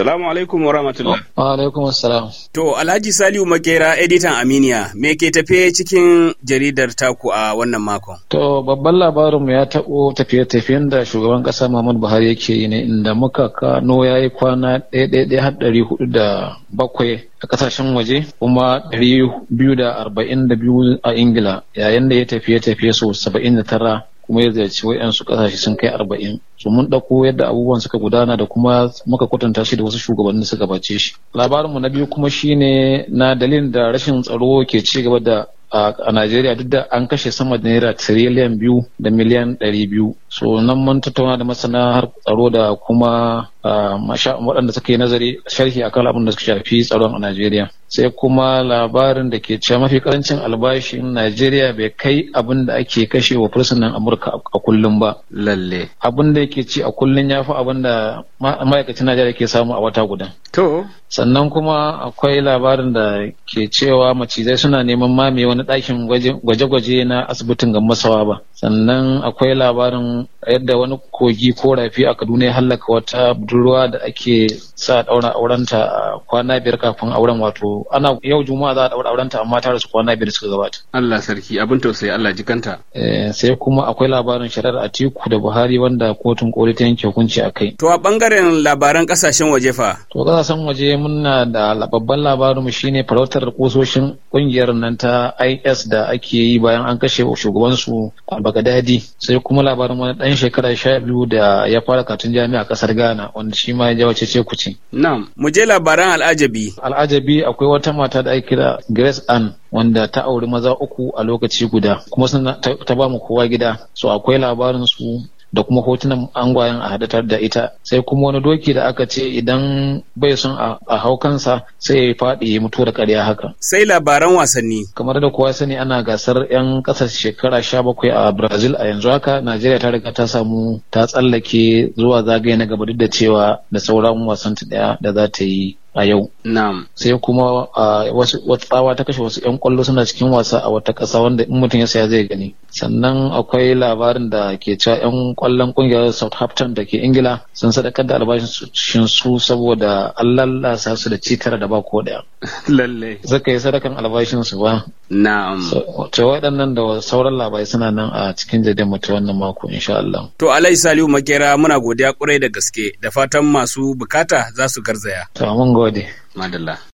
Salamu alaikum wa rahmatullah. Wa alaikum assalam. To Alhaji Saliu Makera editan Aminiya me ke tafe cikin jaridar taku a wannan makon? To babban labarin mu ya taɓo tafiye-tafiyen da shugaban ƙasa Muhammad Buhari yake yi ne inda muka kano ya yi kwana ɗaya har ɗari hudu da bakwai a ƙasashen waje kuma ɗari biyu da arba'in da biyu a Ingila yayin da ya tafiye-tafiye so saba'in da tara kuma ya ziyarci wayansu kasashe sun kai arba'in su mun ɗauko yadda abubuwan suka gudana da kuma muka kwatanta shi da wasu shugabannin suka bace shi labarinmu na biyu kuma shine na dalilin da rashin tsaro ke ci gaba da a Najeriya duk da an kashe sama da naira tiriliyan biyu da miliyan ɗari biyu so nan mun tattauna da masana har tsaro da kuma waɗanda suka yi nazari sharhi akan abin da suka shafi tsaron a Najeriya sai kuma labarin da ke cewa mafi karancin albashin Najeriya bai kai abin da ake kashe wa fursunan Amurka a kullum ba lalle abin da yake ci a kullum ya fi abin da ma'aikacin Najeriya ke samu a wata guda to sannan kuma akwai labarin da ke cewa macizai suna neman mame wani ɗakin gwaje-gwaje na asibitin ga masawa ba sannan akwai labarin yadda wani kogi ko rafi a kaduna ya hallaka wata budurwa da ake sa daura aurenta a kwana biyar kafin auren wato ana yau juma'a za a daura aurenta amma ta rasu kwana biyar suka gabata Allah sarki abin tausayi Allah jikanta eh, sai kuma akwai labarin shari'ar Atiku da Buhari wanda kotun koli ta yanke hukunci a kai to a bangaren labaran kasashen waje fa to kasashen waje muna da babban labarin mu shine farautar kusoshin kungiyar nan ta IS da ake yi bayan an kashe shugabansu a Bagadadi sai kuma labarin wani ɗan shekara sha biyu da ya fara katun jami'a ƙasar Ghana wanda shi ma ya jawo cece kuce. Na'am, mu je labaran al'ajabi. Al'ajabi akwai wata mata da ake kira Grace Ann wanda ta auri maza uku a lokaci guda kuma sun ta ba mu kowa gida. So akwai labarin su da kuma hotunan angwayen a hadatar da ita sai kuma wani doki da aka ce idan bai son a hau kansa sai ya faɗi ya mutu da ƙarya haka. Sai labaran wasanni. Kamar da kowa sani ana gasar 'yan ƙasa shekara sha bakwai a Brazil a yanzu haka Najeriya ta riga ta samu ta tsallake zuwa zagaye na gaba duk da cewa da sauran wasan ta ɗaya da za ta yi a yau. Na'am. Sai kuma wasu wata tsawa ta kashe wasu 'yan kwallo suna cikin wasa a wata ƙasa wanda in mutum ya saya zai gani. Sannan akwai labarin da ke cewa 'yan kwallon ƙungiyar Southampton da ke Ingila sun sadakar da albashin su saboda an lallasa su da ci tara da ba ko ɗaya. Lalle. Suka yi sadakan albashin su ba. Na'am. To waɗannan da sauran labarai suna nan a cikin jadin mutu wannan mako insha Allah. To Alai Saliu Makera muna godiya ƙwarai da gaske da fatan masu bukata za su garzaya. To gode madalla